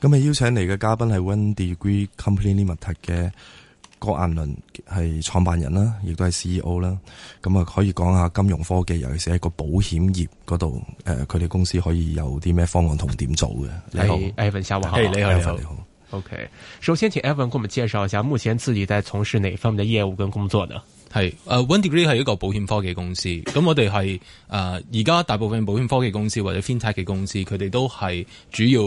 今日邀請嚟嘅嘉賓係 OneDegree Company Limited 嘅郭彥麟，係創辦人啦，亦都係 C E O 啦。咁啊，可以講下金融科技，尤其是喺個保險業嗰度，誒，佢哋公司可以有啲咩方案同點做嘅？你好，Evan，你好，誒，你好，你好，OK。首先，請 Evan 給我們介紹一下，目前自己在從事哪方面嘅業務跟工作呢？係，誒 OneDegree 係一個保險科技公司，咁我哋係誒而家大部分保險科技公司或者 FinTech 嘅公司，佢哋都係主要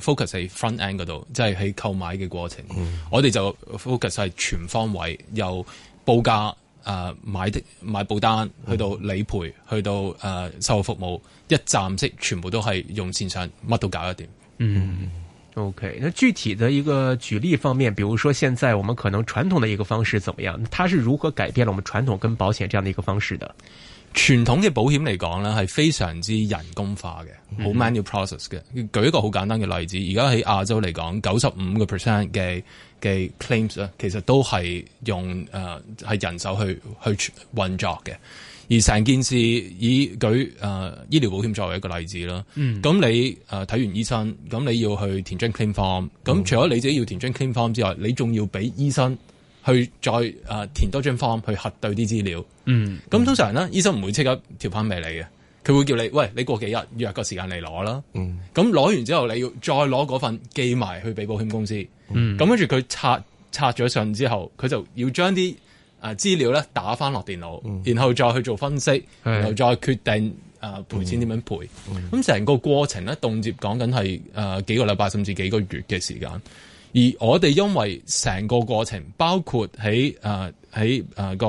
focus 喺 front end 嗰度，即係喺購買嘅過程。嗯、我哋就 focus 係全方位，由報價誒、呃、買的買保單，去到理賠，去到誒售後服務，一站式全部都係用線上，乜都搞得掂。嗯。O、okay, K，那具體的一個舉例方面，比如說現在我們可能傳統的一個方式怎麼樣？它是如何改變了我們傳統跟保險這樣的一個方式的？傳統嘅保險嚟講呢係非常之人工化嘅，好 manual process 嘅。舉一個好簡單嘅例子，而家喺亞洲嚟講，九十五個 percent 嘅嘅 claims 咧，s, 其實都係用誒係、呃、人手去去運作嘅。而成件事以舉誒、呃、醫療保險作為一個例子啦，咁、嗯、你誒睇、呃、完醫生，咁你要去填張 claim form，咁、嗯、除咗你自己要填張 claim form 之外，你仲要俾醫生去再誒、呃、填多張 form 去核對啲資料。嗯，咁通常呢，嗯、醫生唔會即刻調翻俾你嘅，佢會叫你，喂，你過幾日約個時間嚟攞啦。嗯，咁攞完之後你要再攞嗰份寄埋去俾保險公司。嗯，咁跟住佢拆拆咗信之後，佢就要將啲，啊資料咧打返落電腦，嗯、然後再去做分析，的然後再決定啊賠、呃、錢點樣賠，咁成、嗯嗯、個過程咧，動輒講緊係誒幾個禮拜，甚至幾個月嘅時間。而我哋因為成個過程，包括喺誒喺誒個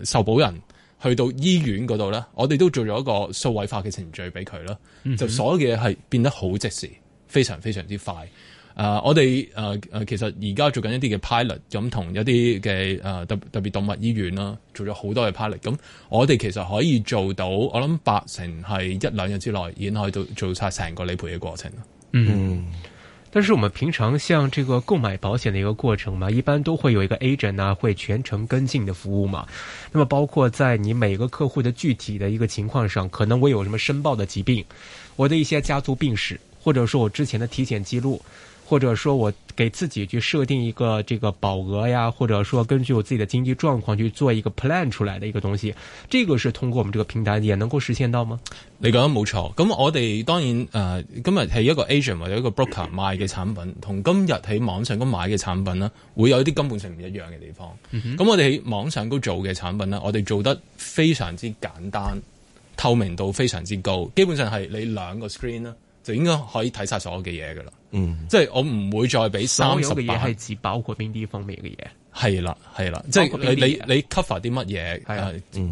誒受保人去到醫院嗰度咧，嗯、我哋都做咗一個數位化嘅程序俾佢啦，嗯、就所有嘢係變得好即時，非常非常之快。誒、呃，我哋誒誒，其實而家做緊一啲嘅 pilot 咁，同一啲嘅誒特特別動物醫院啦、啊，做咗好多嘅 pilot，嗯。咁我哋其實可以做到，我諗八成係一兩日之內，已經可以做晒成個理賠嘅過程啦嗯，但是我們平常像這個購買保險的一個過程嘛，一般都會有一個 agent 啊，會全程跟進嘅服務嘛。那麼包括在你每個客戶的具體的一個情況上，可能我有什麼申報的疾病，我的一些家族病史，或者說我之前的體檢記錄。或者說我給自己去設定一個這個保額呀，或者說根據我自己的經濟狀況去做一個 plan 出來的一個東西，這個是通過我們這個平台也能夠實現到嗎？你講得冇錯，咁我哋當然誒、呃，今日係一個 agent 或者一個 broker 賣嘅產品，同今日喺網上買嘅產品呢會有一啲根本性唔一樣嘅地方。咁、嗯、哼我哋喺網上都做嘅產品呢，我哋做得非常之簡單，透明度非常之高，基本上係你兩個 screen 呢就應該可以睇晒所有嘅嘢㗎啦，嗯，即係我唔會再俾三十。所有嘅嘢係指包括邊啲方面嘅嘢？係啦，係啦，即係你你你 cover 啲乜嘢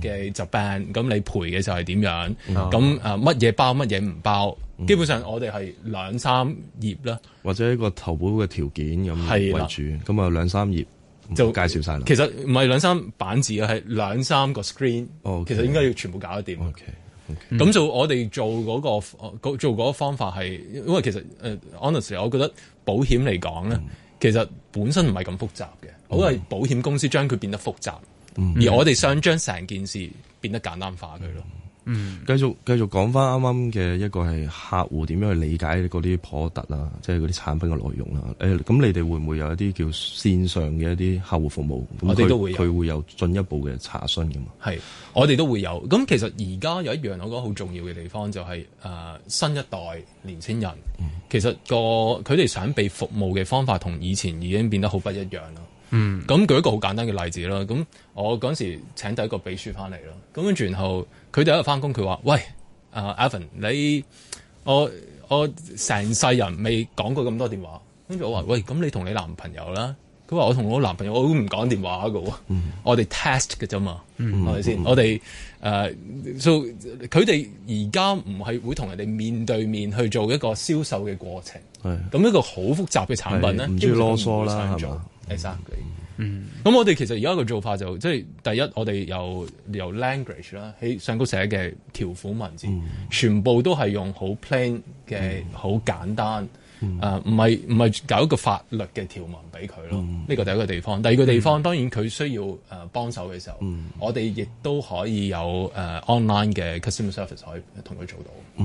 嘅疾病，咁你賠嘅就係點樣？咁啊乜嘢包乜嘢唔包？基本上我哋係兩三頁啦，或者一個投保嘅條件咁為主，咁啊兩三頁就介紹晒啦。其實唔係兩三版紙啊，係兩三個 screen，其實應該要全部搞得掂。咁、嗯、做我哋做嗰個，做嗰方法係，因為其實誒、uh, honest 我覺得保險嚟講咧，嗯、其實本身唔係咁複雜嘅，好係、嗯、保險公司將佢變得複雜，嗯、而我哋想將成件事變得簡單化佢咯。嗯嗯嗯、繼續繼續講翻啱啱嘅一個係客戶點樣去理解嗰啲 product 啊，即係嗰啲產品嘅內容啦。咁、欸、你哋會唔會有一啲叫線上嘅一啲客戶服務？我哋都會有，佢會有進一步嘅查詢㗎嘛。係，我哋都會有。咁其實而家有一樣我覺得好重要嘅地方就係、是呃、新一代年青人，嗯、其實個佢哋想被服務嘅方法同以前已經變得好不一樣啦。嗯，咁舉一個好簡單嘅例子啦。咁我嗰時請第一個秘書翻嚟，啦，咁跟住然後佢第一日翻工，佢話：喂、uh,，Evan，你我我成世人未講過咁多電話。跟住我話：喂，咁你同你男朋友啦？佢話：我同我男朋友我都唔講電話噶。嗯、我哋 test 嘅啫嘛，係咪、嗯、先？嗯、我哋誒佢哋而家唔係會同人哋面對面去做一個銷售嘅過程，係咁是一個好複雜嘅產品咧，唔知囉嗦啦，exact，咁、mm hmm. 我哋其實而家個做法就即、是、係第一，我哋有由 language 啦喺上高寫嘅條款文字，mm hmm. 全部都係用好 plain 嘅好簡單，唔係唔係搞一個法律嘅條文俾佢咯。呢、mm hmm. 個第一個地方，第二個地方、mm hmm. 當然佢需要誒、呃、幫手嘅時候，mm hmm. 我哋亦都可以有、呃、online 嘅 customer service 可以同佢做到。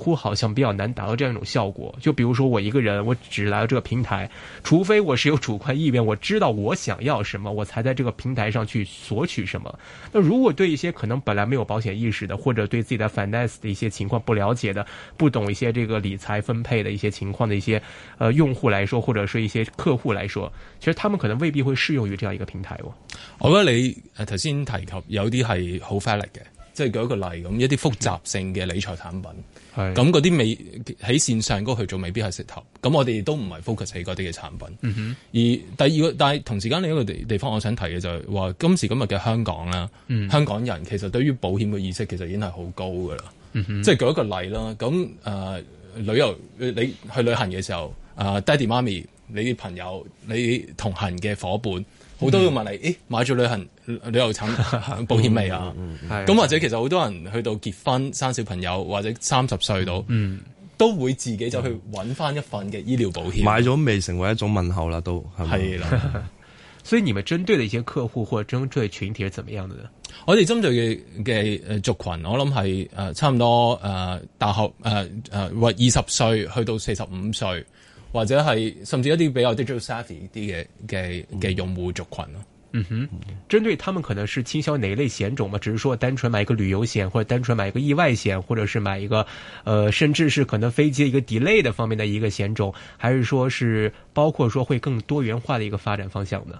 乎好像比較難達到這樣一種效果。就比如說我一個人，我只來到這個平台，除非我是有主觀意願，我知道我想要什麼，我才在這個平台上去索取什麼。那如果對一些可能本來沒有保險意識的，或者對自己的 finance 的一些情況不了解的，不懂一些這個理財分配的一些情況的一些，呃，用戶來說，或者是一些客戶來說，其實他們可能未必會適用於這樣一個平台。我我覺得你誒頭先提及有啲係好 fair 嘅，即係舉一個例咁，一啲複雜性嘅理財產品。咁嗰啲未喺線上嗰去做未必係食頭，咁我哋都唔係 focus 喺嗰啲嘅產品。嗯、哼而第二個但係同時間另一個地地方，我想提嘅就係話，今時今日嘅香港啦，嗯、香港人其實對於保險嘅意識其實已經係好高噶啦。即係、嗯、哼舉一個例啦，咁誒、呃、旅遊你去旅行嘅時候，啊、呃、爹哋媽咪、你嘅朋友、你同行嘅伙伴。好多會問你：哎「誒買咗旅行旅遊產保險未啊？咁、 嗯嗯嗯、或者其實好多人去到結婚、生小朋友或者三十歲到，嗯、都會自己就去揾翻一份嘅醫療保險。嗯嗯、買咗未成為一種問候啦，都係啦。的 所以而咪針對你啲客戶或者針對嘅群體係怎麼樣嘅咧？我哋針對嘅嘅族群，我諗係、呃、差唔多、呃、大學誒或、呃呃呃、二十歲去到四十五歲。或者係甚至一啲比較 digital savvy 啲嘅嘅嘅用戶族群咯，嗯哼，針對他們可能是推銷哪一類險種嘛？只是說單純買一個旅遊險，或者單純買一個意外險，或者是買一個，呃，甚至是可能飛機一個 delay 的方面的一個險種，還是說是包括說會更多元化的一個發展方向呢？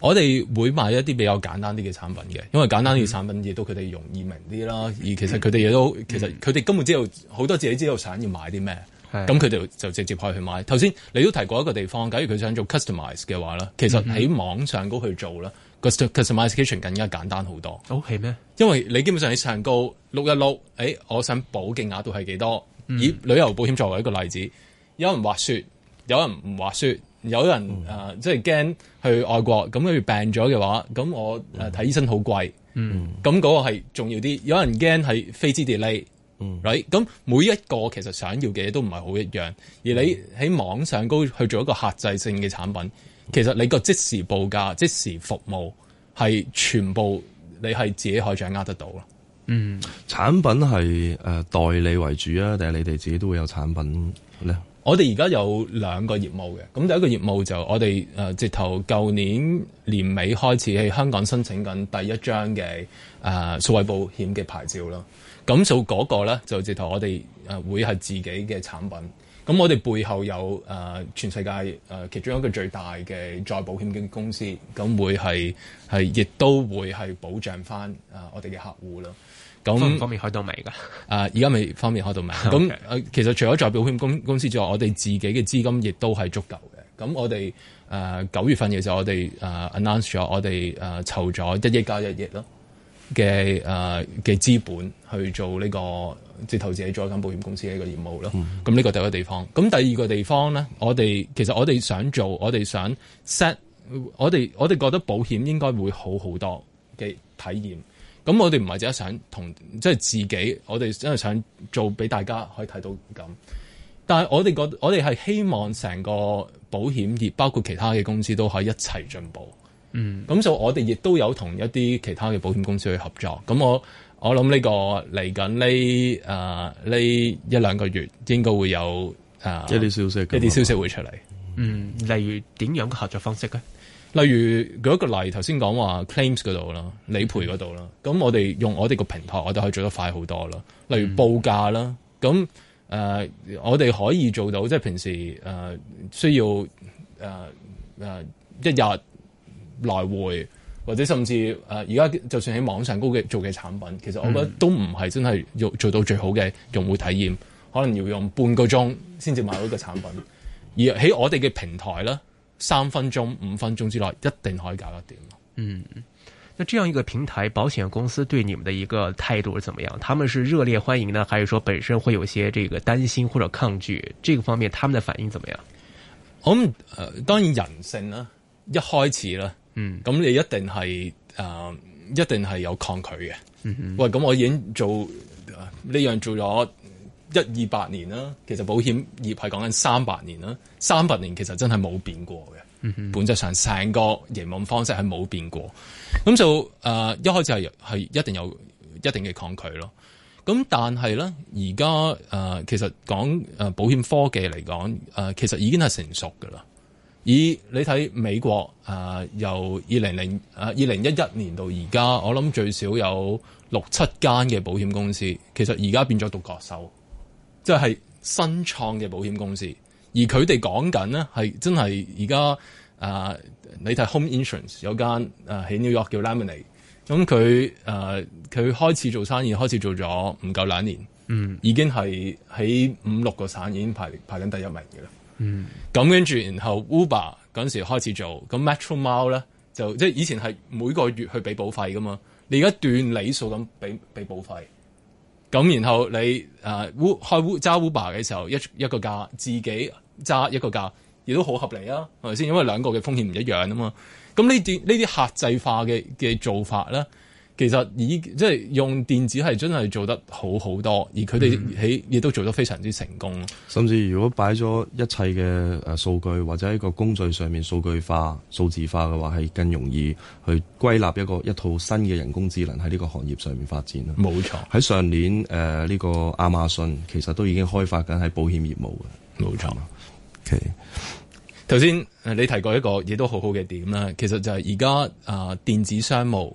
我哋會賣一啲比較簡單啲嘅產品嘅，因為簡單啲嘅產品亦都佢哋容易明啲啦，嗯、而其實佢哋亦都其實佢哋根本知道好、嗯、多自己知道想要買啲咩。咁佢哋就就直接可以去買。頭先你都提過一個地方，假如佢想做 customise 嘅話咧，其實喺網上高去做啦。customisation 更加簡單好多。好係咩？因為你基本上喺上高錄一錄，誒、哎，我想保嘅額度係幾多？以旅遊保險作為一個例子，mm hmm. 有人滑雪，有人唔滑雪，有人誒，即係驚去外國，咁佢病咗嘅話，咁我睇、mm hmm. 啊、醫生好貴，咁嗰、mm hmm. 個係重要啲。有人驚係飛之 delay。嚟咁、right? 每一個其實想要嘅嘢都唔係好一樣，而你喺網上高去做一個客製性嘅產品，其實你個即時報價、即時服務係全部你係自己可以掌握得到咯。嗯，產品係誒代理為主啊，定係你哋自己都會有產品咧？我哋而家有兩個業務嘅，咁第一個業務就我哋誒、呃、直頭舊年年尾開始喺香港申請緊第一張嘅誒、呃、數位保險嘅牌照咯。咁數嗰個咧就直頭，我哋誒會係自己嘅產品。咁我哋背後有誒、呃、全世界誒、呃、其中一個最大嘅再保險嘅公司，咁會係係亦都會係保障翻誒、呃、我哋嘅客戶咯。咁方面開到、呃、未到？噶 那。誒而家咪方面開到未？咁其實除咗再保險公公司之外，我哋自己嘅資金亦都係足夠嘅。咁我哋誒九月份嘅時候我，呃、我哋誒 announce 咗，我哋誒籌咗一億加一億咯。嘅嘅、呃、資本去做呢、這個接自投自己做緊保險公司嘅一個業務咯，咁呢、嗯、個第一個地方。咁第二個地方咧，我哋其實我哋想做，我哋想 set，我哋我哋覺得保險應該會好好多嘅體驗。咁我哋唔係只係想同即係、就是、自己，我哋真係想做俾大家可以睇到咁。但係我哋覺得我哋係希望成個保險業包括其他嘅公司都可以一齊進步。嗯，咁就我哋亦都有同一啲其他嘅保險公司去合作。咁我我諗呢、呢個嚟緊呢誒呢一兩個月應該會有誒、呃、一啲消息，一啲消息會出嚟。嗯，例如點樣嘅合作方式咧？例如舉一個例，頭先講話 claims 嗰度啦，理賠嗰度啦。咁、嗯、我哋用我哋個平台，我哋可以做得快好多啦。例如報價啦，咁誒、嗯呃、我哋可以做到，即係平時、呃、需要誒、呃呃、一日。來回或者甚至誒，而、呃、家就算喺網上高嘅做嘅產品，其實我覺得都唔係真係要做到最好嘅用戶體驗，嗯、可能要用半個鐘先至買到個產品，而喺我哋嘅平台呢，三分鐘、五分鐘之內一定可以搞得掂。嗯，那這樣一個平台，保險公司對你們的一個態度是怎麼樣？他們是熱烈歡迎呢，還是說本身會有些這個擔心或者抗拒？這個方面，他們的反應怎麼樣？我誒、嗯呃，當然人性啦，一開始呢嗯，咁你一定係誒、呃，一定係有抗拒嘅。嗯嗯、喂，咁我已經做呢樣做咗一二百年啦。其實保險業係講緊三百年啦，三百年其實真係冇變過嘅。嗯嗯、本質上成個營運方式係冇變過。咁就誒、呃，一開始係係一定有一定嘅抗拒咯。咁但係咧，而家誒，其實講誒保險科技嚟講誒，其實已經係成熟噶啦。以你睇美國啊、呃，由二零零啊二零一一年到而家，我諗最少有六七間嘅保險公司，其實而家變咗獨角獸，即係新創嘅保險公司。而佢哋講緊呢，係真係而家啊，你睇 Home Insurance 有一間啊喺 New York 叫 Lemonade，咁佢啊佢開始做生意，開始做咗唔夠兩年，嗯，已經係喺五六個省已經排排緊第一名嘅啦。嗯，咁跟住，然後 Uber 陣時候開始做，咁 Metro Mile 咧就即係以前係每個月去俾保費噶嘛，你而家斷理數咁俾俾保費，咁然後你誒、啊、開烏揸 Uber 嘅時候一一個價，自己揸一個價，亦都好合理啊，係咪先？因為兩個嘅風險唔一樣啊嘛，咁呢啲呢啲客製化嘅嘅做法咧。其實已即係用電子係真係做得好好多，而佢哋喺亦都做得非常之成功。甚至如果擺咗一切嘅誒數據或者一個工序上面數據化、數字化嘅話，係更容易去歸納一個一套新嘅人工智能喺呢個行業上面發展。冇錯，喺上年誒呢、呃呢個亞馬遜其實都已經開發緊喺保險業務嘅。冇錯，頭先係嗎？Okay，你提過一個嘢都好好嘅點啦，其實就係而家啊電子商務。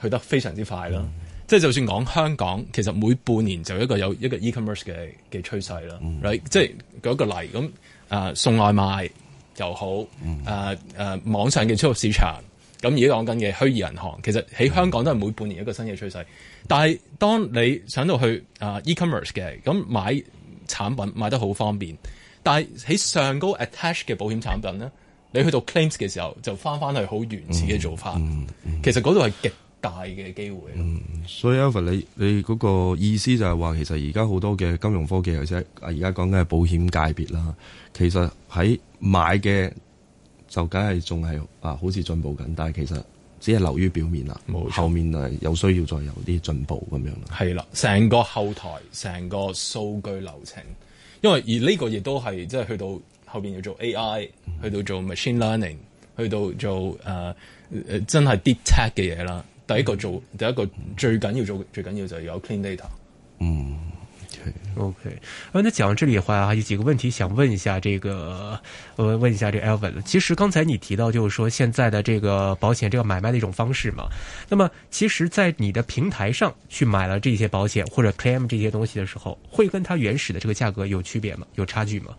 去得非常之快啦，mm hmm. 即係就算講香港，其實每半年就一個有一個 e-commerce 嘅嘅趨勢啦。Mm hmm. Right? 即係舉一個例咁，誒、呃、送外賣又好，誒誒、mm hmm. 呃、網上嘅超級市場，咁而家講緊嘅虛擬銀行，其實喺香港都係每半年一個新嘅趨勢，mm hmm. 但係當你想到去誒、呃、e-commerce 嘅咁買產品，買得好方便，但係喺上高 attach 嘅保險產品咧，你去到 claims 嘅時候，就翻翻去好原始嘅做法。Mm hmm. 其實嗰度係極。大嘅機會，嗯，所以 Eva 你你嗰個意思就係話，其實而家好多嘅金融科技，或者啊而家講緊嘅保險界別啦，其實喺買嘅就梗係仲係啊，好似進步緊，但係其實只係留於表面啦，冇錯後面係有需要再有啲進步咁樣啦，係啦，成個後台成個數據流程，因為而呢個亦都係即係去到後面要做 AI、嗯、去到做 machine learning，去到做誒、呃、真係 deep tech 嘅嘢啦。第一個做，第一個最緊要做，最緊要就係有 clean data。嗯，OK 啊，那講到這裏嘅話，有幾個問題想問一下，這個我問一下，這個 Alvin。其實剛才你提到，就是說現在的這個保險，這個買賣的一種方式嘛。那麼，其實，在你的平台上去買了這些保險或者 claim 這些東西的時候，會跟它原始的這個價格有區別嗎？有差距嗎？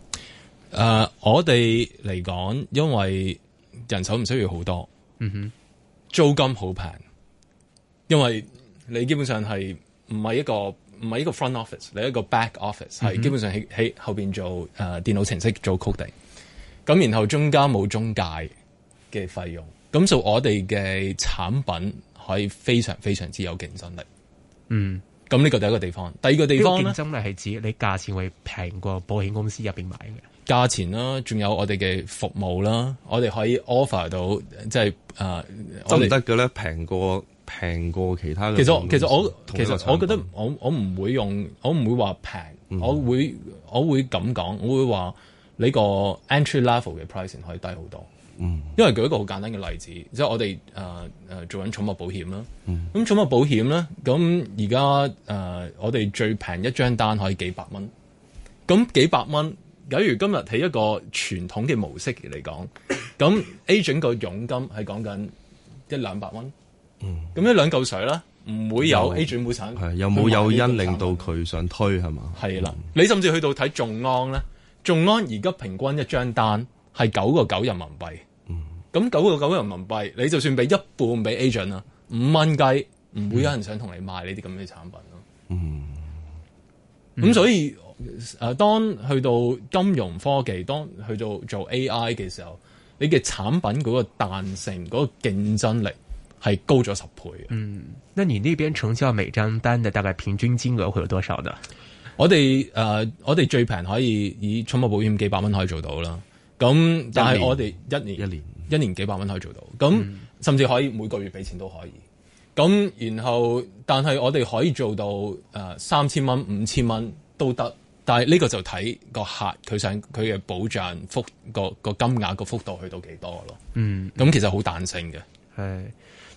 啊、呃，我哋嚟講，因為人手唔需要好多，嗯哼，租金好平。因為你基本上係唔係一個唔係一個 front office，你一個 back office，係、嗯、哼基本上喺喺後邊做誒、呃、電腦程式做 coding，咁然後中間冇中介嘅費用，咁就我哋嘅產品可以非常非常之有競爭力。嗯，咁呢個第一個地方，第二個地方咧，競爭力係指你價錢會平過保險公司入邊買嘅價錢啦、啊，仲有我哋嘅服務啦、啊，我哋可以 offer 到即係誒，得得嘅咧？平、呃、過？平過其他嘅，其實我其實我其實我覺得我我唔會用我唔會話平、嗯，我會我會咁講，我會話呢個 entry level 嘅 pricing 可以低好多。嗯，因為舉一個好簡單嘅例子，即係我哋、呃、做緊寵物保險啦。咁、嗯、寵物保險咧，咁而家我哋最平一張單可以幾百蚊。咁幾百蚊，假如今日喺一個傳統嘅模式嚟講，咁 agent 個佣金係講緊一兩百蚊。嗯，咁一兩嚿水啦，唔會有 agent 會產係，有冇誘因令到佢想推係嘛？係啦，的嗯、你甚至去到睇眾安咧，眾安而家平均一張單係九個九人民幣，咁九個九人民幣，你就算俾一半俾 agent 啦，五蚊雞唔會有人想同你賣呢啲咁嘅產品咯。嗯，咁所以誒、啊，當去到金融科技，當去到做 AI 嘅時候，你嘅產品嗰個彈性，嗰、那個競爭力。係高咗十倍。嗯，那你呢邊成交每張單嘅大概平均金額會有多少呢，呃？我哋誒，我哋最平可以以寵物保險幾百蚊可以做到啦。咁，嗯嗯、但係我哋一年一年歷一年幾百蚊可以做到。咁，嗯、甚至可以每個月俾錢都可以。咁然後但係我哋可以做到誒、呃、三千蚊五千蚊都得。但係呢個就睇個客佢想佢嘅保障幅個個金額個幅度去到幾多咯。嗯、咁，嗯、其實好彈性嘅。係、哎。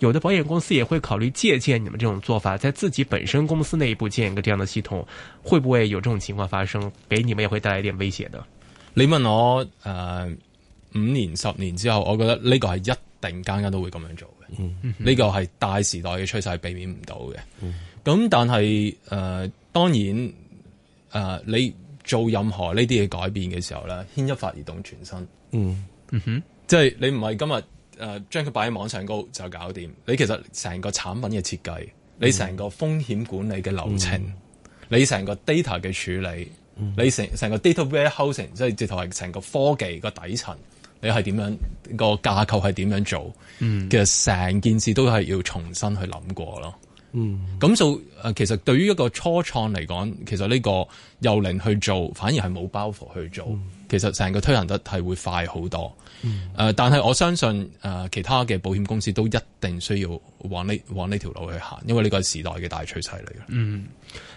有的保險公司也會考慮借鑒你們這種做法，在自己本身公司內部建一個這樣的系統，會不會有這種情況發生？給你們也會帶來一點威脅的。你問我誒，五年、呃、十年之後，我覺得呢個係一定間間都會咁樣做嘅。呢個係大時代嘅趨勢，避免唔到嘅。咁但係誒、呃，當然誒、呃，你做任何呢啲嘢改變嘅時候呢，牽一髮而動全身。嗯，嗯哼，即係你唔係今日。誒將佢擺喺網上高就搞掂。你其實成個產品嘅設計，你成個風險管理嘅流程，嗯、你成個 data 嘅處理，嗯、你成成個 data warehousing，嗯、即係直頭係成個科技個底層，你係點樣、個架構係點樣做？嗯、其實成件事都係要重新去諗過咯。嗯，咁就誒其實對於一個初創嚟講，其實呢個由零去做，反而係冇包袱去做。嗯。其實成個推行得係會快好多，誒、呃，但係我相信誒、呃，其他嘅保險公司都一定需要往呢往呢條路去行，因為呢個是時代嘅大趨勢嚟嘅。嗯，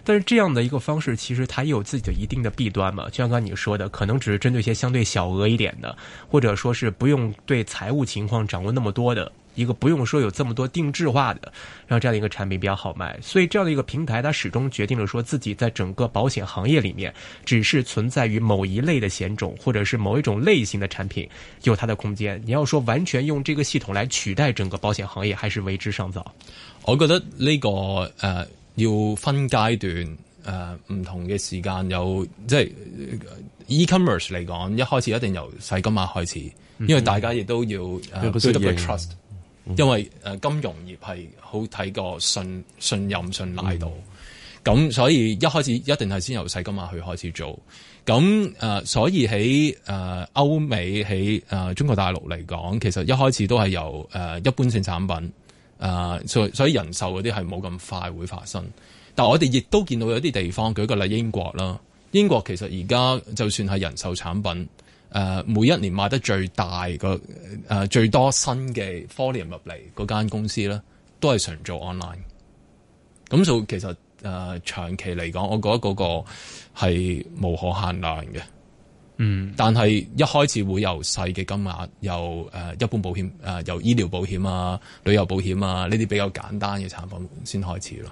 但是這樣的一個方式，其實它也有自己嘅一定的弊端嘛。就像剛才你說的，可能只是針對一些相對小額一點的，或者說是不用對財務情況掌握那麼多的。一個不用說有這麼多定制化的，然後這樣的一個產品比較好賣，所以這樣的一個平台，它始終決定了說自己在整個保險行業裏面，只是存在於某一類的險種，或者是某一種類型的產品有它的空間。你要說完全用這個系統來取代整個保險行業，還是為之尚早。我覺得呢、這個、呃、要分階段誒唔、呃、同嘅時間，有即係 e-commerce 嚟講，一開始一定由細金額開始，因為大家亦都要誒 build up trust。因為、呃、金融業係好睇過信信任信賴度，咁、嗯、所以一開始一定係先由細金額去開始做，咁誒、呃、所以喺誒、呃、歐美喺誒、呃、中國大陸嚟講，其實一開始都係由誒、呃、一般性產品，誒、呃、所所以人壽嗰啲係冇咁快會發生，但係我哋亦都見到有啲地方，舉個例英國啦，英國其實而家就算係人壽產品。誒、呃，每一年賣得最大個誒、呃，最多新嘅 folio 入嚟嗰間公司咧，都係常做 online 咁做。其實誒、呃，長期嚟講，我覺得嗰個係無可限量嘅。嗯，但係一開始會由細嘅金額，由誒、呃、一般保險誒、由、呃、醫療保險啊、旅遊保險啊呢啲比較簡單嘅產品先開始咯。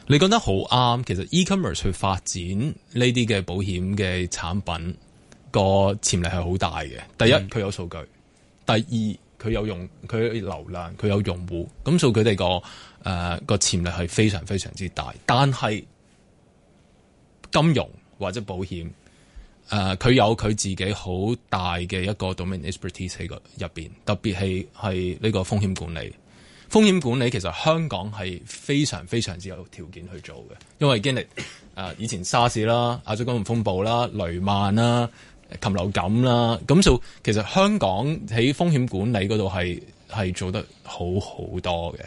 你講得好啱，其實 e-commerce 去發展呢啲嘅保險嘅產品個潛力係好大嘅。第一，佢有數據；第二，佢有用佢流量，佢有，有，有用戶，咁所以佢哋個誒個潛力係非常非常之大。但係金融或者保險誒，佢、呃、有佢自己好大嘅一個 domain expertise 喺入邊，特別係係呢個風險管理。風險管理其實香港係非常非常之有條件去做嘅，因為經歷誒以前沙士啦、亞洲金融風暴啦、雷曼啦、禽流感啦，咁就其實香港喺風險管理嗰度係係做得好好多嘅。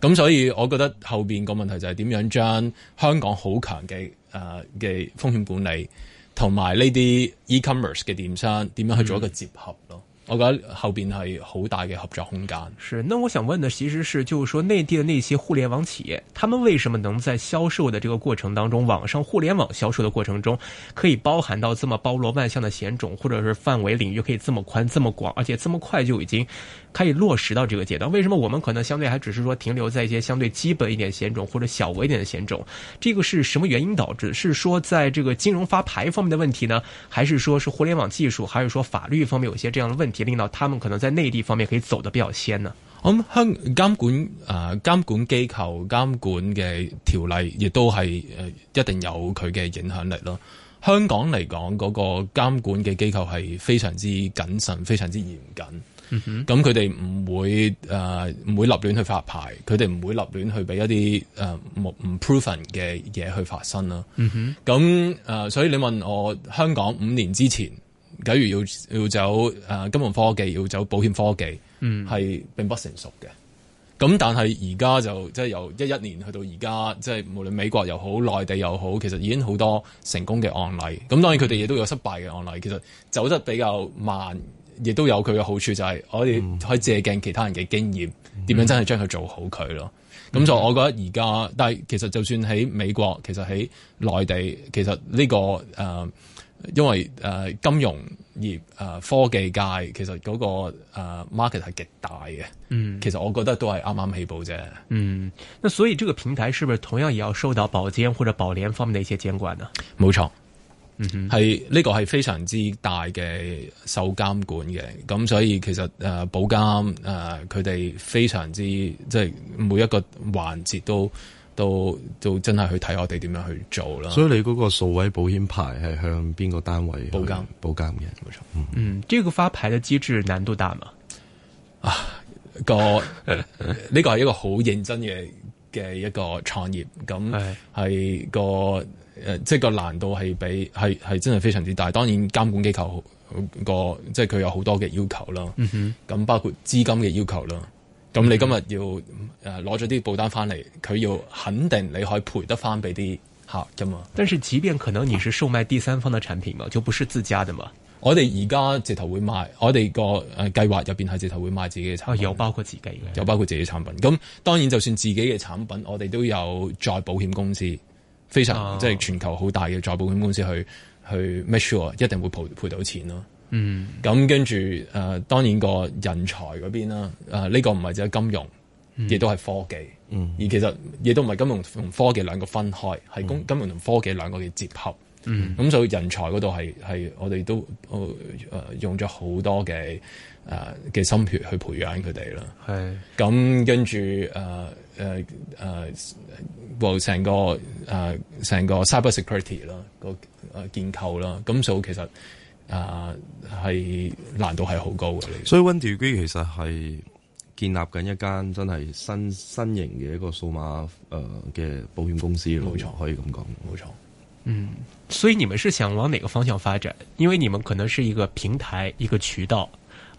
咁所以我覺得後邊個問題就係點樣將香港好強嘅誒嘅風險管理同埋呢啲 e-commerce 嘅電商點樣去做一個結合咯。嗯我覺得後邊還有好大嘅合作空間，是，那我想問的其實是，就是說內地的那些互聯網企業，他們為什麼能在銷售的這個過程當中，網上互聯網銷售的過程中，可以包含到這麼包羅萬象的險種，或者是範圍領域可以這麼寬這麼廣，而且這麼快就已經可以落實到這個階段？為什麼我們可能相對還只是說停留在一些相對基本一點險種，或者小微一點的險種，這個是什麼原因導致？是說在這個金融發牌方面的問題呢？還是說是互聯網技術，還是說法律方面有些這樣的問題？令到他們可能在內地方面可以走得比較先呢、啊。我香、嗯、監管誒、呃，監管機構監管嘅條例亦都係誒、呃，一定有佢嘅影響力咯。香港嚟講，嗰、那個監管嘅機構係非常之謹慎，非常之嚴謹。嗯哼，咁佢哋唔會誒，唔、呃、會立亂去發牌，佢哋唔會立亂去俾一啲誒唔、呃、proven 嘅嘢去發生啦。咁誒、嗯哼呃，所以你問我香港五年之前。假如要要走誒金融科技，要走保險科技，係並不成熟嘅。咁、嗯、但係而家就即係由一一年去到而家，即係無論美國又好，內地又好，其實已經好多成功嘅案例。咁當然佢哋亦都有失敗嘅案例。其實走得比較慢，亦都有佢嘅好處，就係我哋可以借鏡其他人嘅經驗，點樣真係將佢做好佢咯。咁、嗯、就我覺得而家，但係其實就算喺美國，其實喺內地，其實呢個誒。呃因為誒、呃、金融業誒、呃、科技界其實嗰、那個誒 market 係極大嘅，嗯、其實我覺得都係啱啱起步啫。嗯，嗱所以這個平台是不是同樣也要受到保監或者保聯方面的一些監管呢？冇錯，嗯哼，係呢、這個係非常之大嘅受監管嘅，咁所以其實誒、呃、保監誒佢哋非常之即係每一個環節都。都都真係去睇我哋點樣去做啦。所以你嗰個數位保險牌係向邊個單位保？保監保監嘅，冇錯錯。嗯，即係、嗯這個發牌嘅機制難度大嘛？啊，個呢 個係一個好認真嘅嘅一個創業，咁係個誒，即係的、呃就是、個難度係比係係真係非常之大。當然監管機構個即係佢有好多嘅要求啦。咁、嗯、哼包括資金嘅要求啦。咁、嗯、你今日要誒攞咗啲保單翻嚟，佢要肯定你可以賠得翻俾啲客咁啊！但是即便可能你是售賣第三方的產品嘛，就不是自家的嘛。我哋而家直頭會賣，我哋個計劃入邊係直頭會賣自己嘅產品，啊，有包括自己嘅，有包括自己產品。咁當然就算自己嘅產品，我哋都有再保險公司，非常即係、啊、全球好大嘅再保險公司去去 make sure，一定會賠賠到錢咯。嗯，咁跟住，誒、呃，當然個人才嗰邊啦，誒、呃、呢、這個唔係只係金融，亦都係科技，嗯、而其實亦都唔係金融同科技兩個分開，係公、嗯、金融同科技兩個嘅結合，咁所以人才嗰度係係我哋都誒、呃、用咗好多嘅誒嘅心血去培養佢哋啦，係的，咁跟住誒誒誒，和、呃、成、呃呃、個誒成、呃、個 cybersecurity 啦，個誒建構啦，咁所以其實。啊，係難度係好高嘅。所以 OneDegree 其實係建立緊一間真係新新型嘅一個數碼誒嘅保險公司，冇錯，可以咁講，冇錯。嗯，所以你們是想往哪個方向發展？因為你們可能是一個平台，一個渠道。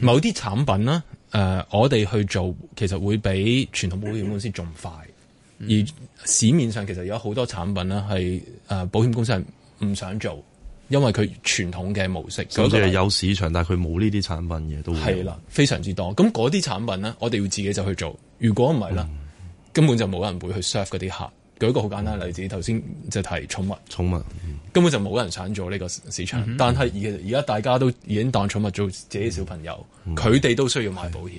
某啲產品呢誒、呃、我哋去做其實會比傳統保險公司仲快，嗯、而市面上其實有好多產品咧係誒保險公司係唔想做，因為佢傳統嘅模式，所以有市場，但係佢冇呢啲產品嘅都係啦，非常之多。咁嗰啲產品咧，我哋要自己就去做。如果唔係啦，嗯、根本就冇人會去 serve 嗰啲客。舉一個好簡單嘅例子，頭先就提寵物，寵物、嗯、根本就冇人搶住呢個市場，嗯、但係而而家大家都已經當寵物做自己小朋友，佢哋、嗯、都需要買保險，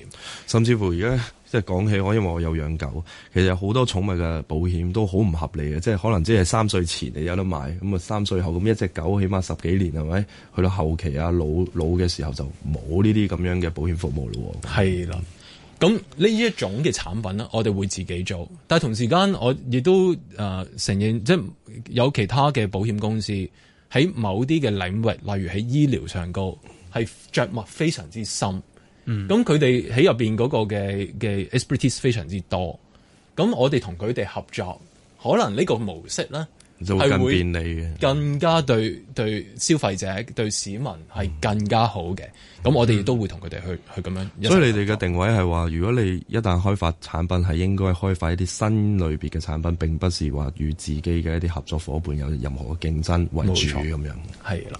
甚至乎而家即係講起，我因為我有養狗，其實有好多寵物嘅保險都好唔合理嘅，即係可能只係三歲前你有得買，咁啊三歲後咁一隻狗起碼十幾年係咪？去到後期啊老老嘅時候就冇呢啲咁樣嘅保險服務咯喎，係啦的。嗯咁呢一種嘅產品咧，我哋會自己做，但係同時間我亦都誒承認，即有其他嘅保險公司喺某啲嘅領域，例如喺醫療上高，係着墨非常之深。嗯、那個，咁佢哋喺入面嗰個嘅嘅 expertise 非常之多。咁我哋同佢哋合作，可能呢個模式咧，就會更，便利嘅更加對對消費者對市民係更加好嘅，咁、嗯、我哋亦都會同佢哋去、嗯、去咁樣。所以你哋嘅定位係話，如果你一旦開發產品，係應該開發一啲新類別嘅產品，並不是話與自己嘅一啲合作伙伴有任何嘅競爭為主咁錯樣。係啦。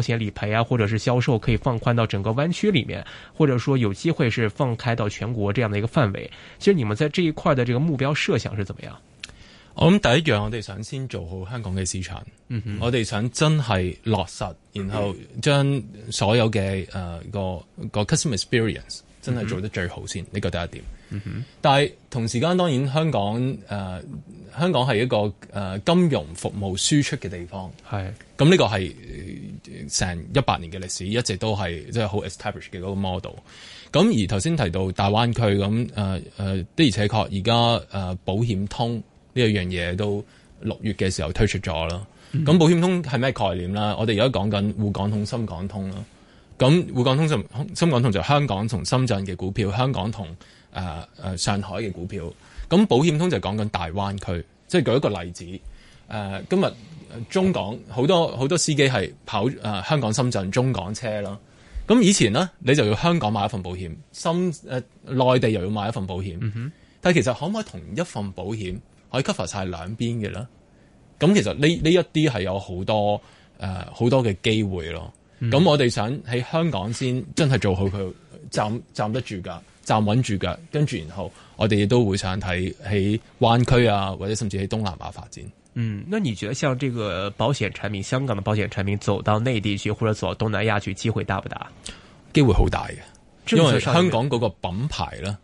保險理賠啊，或者是銷售可以放寬到整個灣區裡面，或者說有機會是放開到全國這樣的一個範圍。其實你們在這一塊的這個目標設想是怎麼樣？我諗第一樣，我哋想先做好香港嘅市場，嗯哼，我哋想真係落實，然後將所有嘅誒、呃、個個 customer experience 真係做得最好先。你覺得係點？嗯哼，但係同時間當然香港誒、呃、香港係一個誒、呃、金融服務輸出嘅地方係咁呢個係成、呃、一百年嘅歷史，一直都係即係、就、好、是、establish 嘅嗰個 model。咁而頭先提到大灣區咁誒誒的確確，而且確而家誒保險通呢一樣嘢都六月嘅時候推出咗啦。咁、嗯、哼保險通係咩概念啦？我哋而家講緊滬港通、深港通啦。咁滬港通深港通就香港同深圳嘅股票，香港同。誒、呃呃、上海嘅股票，咁保險通就講緊大灣區，即係舉一個例子。誒、呃，今日中港好多好多司機係跑誒、呃、香港深圳中港車咯。咁以前呢，你就要香港買一份保險，深誒內、呃、地又要買一份保險。嗯、哼但係其實可唔可以同一份保險可以 cover 晒兩邊嘅啦。咁其實呢呢一啲係有好多誒好、呃、多嘅機會咯。咁、嗯、我哋想喺香港先真係做好佢。 站站得住噶，站穩住噶，跟住然後我哋亦都會想睇喺灣區啊，或者甚至喺東南亞發展。嗯，那你覺得像這個保險產品，香港嘅保險產品走到內地去，或者走到東南亞去，機會大不大？機會好大嘅，因為香港嗰個品牌呢，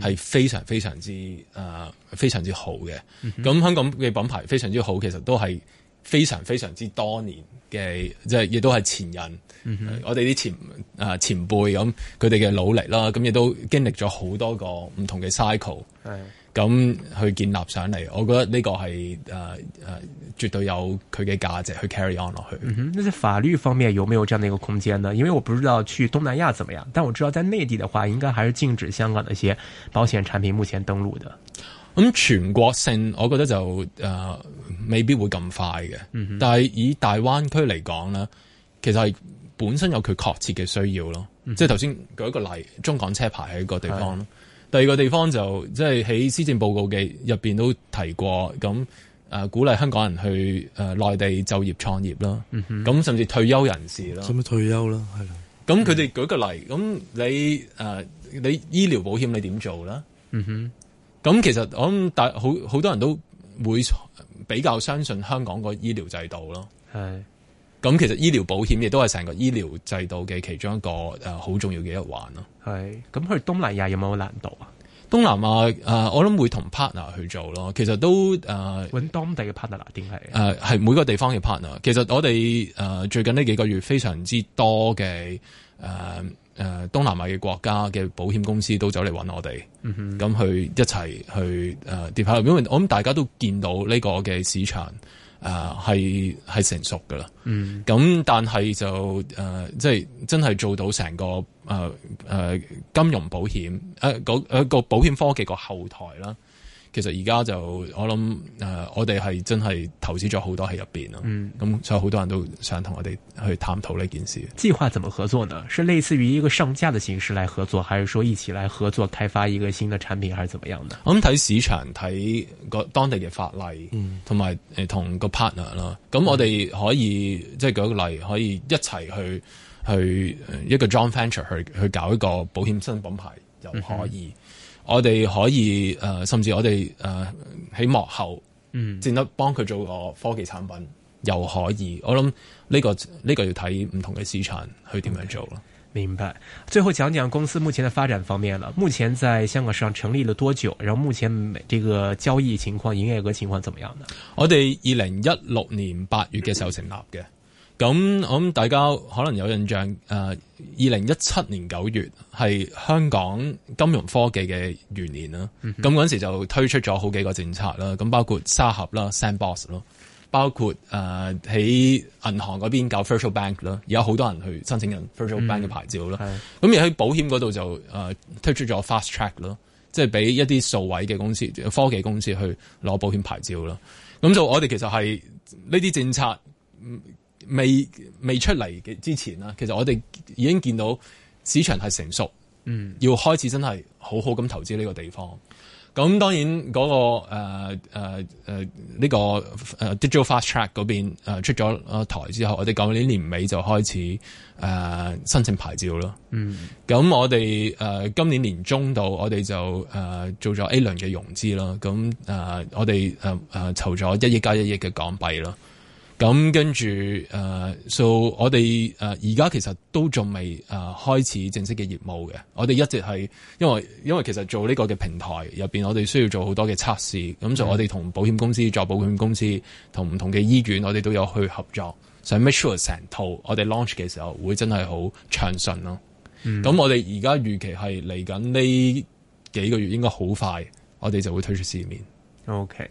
係非常非常之誒、呃，非常之好嘅。咁香港嘅品牌非常之好，其實都係。非常非常之多年嘅，即係亦都係前人，嗯、哼我哋啲前啊、呃、前輩咁佢哋嘅努力啦，咁亦都經歷咗好多個唔同嘅 cycle，咁、嗯、去建立上嚟，我覺得呢個係誒誒絕對有佢嘅價值去 carry on 落去。嗯、哼，那在法律方面有沒有這樣的一個空間呢？因為我不知道去東南亞怎麼樣，但我知道在內地的話應該還是禁止香港那些保險產品目前登陸的。咁全國性，我覺得就誒、呃、未必會咁快嘅。嗯、哼但係以大灣區嚟講咧，其實係本身有佢確切嘅需要咯。嗯、哼即係頭先舉一個例，中港車牌喺一個地方。的第二個地方就即係喺施政報告嘅入邊都提過，咁、呃、鼓勵香港人去誒、呃、內地就業創業啦。咁、嗯、哼甚至退休人士啦，甚至退休啦，係啦。咁佢哋舉個例，咁你誒、呃、你醫療保險你點做呢？嗯哼。咁其實我諗，好好多人都會比較相信香港個醫療制度咯。咁是其實醫療保險亦都係成個醫療制度嘅其中一個誒好重要嘅一環咯。咁去東南亞有冇難度啊？東南亞誒，我諗會同 partner 去做咯。其實都誒，揾當地嘅 partner 定係誒係每個地方嘅 partner。其實我哋誒最近呢幾個月非常之多嘅誒。呃誒東南亞嘅國家嘅保險公司都走嚟搵我哋，咁、嗯、哼去一齊去跌疊牌，因為我諗大家都見到呢個嘅市場誒係係成熟㗎啦。咁、嗯、但係就誒即係真係做到成個誒、呃呃、金融保險誒個誒個保險科技個後台啦。其實而家就我諗誒，我哋係、呃、真係投資咗好多喺入邊咯，嗯，咁所以好多人都想同我哋去探討呢件事。計劃怎麼合作呢？是類似於一個上架的形式嚟合作，還是說一起嚟合作開發一個新的產品，還是怎麼樣呢？咁睇市場，睇個當地嘅法例，嗯，同埋同個 partner 啦。咁我哋可以即係舉個例，可以一齊去去一個 joint venture 去去搞一個保險新品牌，又可以。嗯我哋可以，誒、呃，甚至我哋誒喺幕後，嗯，正得幫佢做個科技產品，嗯、又可以。我諗呢個呢個要睇唔同嘅市場去點樣做咯。明白。最後講講公司目前嘅發展方面啦。目前在香港市場成立了多久？然後目前呢個交易情況、營業額情況怎麼樣呢？我哋二零一六年八月嘅時候成立嘅。嗯咁我諗大家可能有印象，誒二零一七年九月係香港金融科技嘅元年啦。咁嗰、嗯、哼時就推出咗好幾個政策啦，咁包括沙盒啦、sandbox 咯，包括誒喺、呃、銀行嗰邊搞 virtual bank 啦，而家好多人去申請緊 virtual bank 嘅牌照啦。咁而喺保險嗰度就誒、呃、推出咗 fast track 咯，即係俾一啲數位嘅公司、科技公司去攞保險牌照啦。咁就我哋其實係呢啲政策，嗯未未出嚟嘅之前啦，其實我哋已經見到市場係成熟，嗯，要開始真係好好咁投資呢個地方。咁當然嗰、那個誒誒呢個、呃、Digital Fast Track 嗰邊、呃、出咗台之後，我哋舊年年尾就開始誒、呃、申請牌照咯。嗯，咁我哋誒、呃、今年年中度我哋就誒、呃、做咗 A 輪嘅融資啦。咁誒我哋誒誒籌咗一億加一億嘅港幣咯。咁跟住，誒、uh, so，所以我哋誒而家其實都仲未誒開始正式嘅業務嘅。我哋一直係因為因為其實做呢個嘅平台入面，我哋需要做好多嘅測試。咁、嗯、就我哋同保險公司、作保險公司同唔同嘅醫院，我哋都有去合作，想、嗯 so, make sure 成套我哋 launch 嘅時候會真係好暢順咯。咁、嗯、我哋而家預期係嚟緊呢幾個月應該好快，我哋就會推出市面。OK。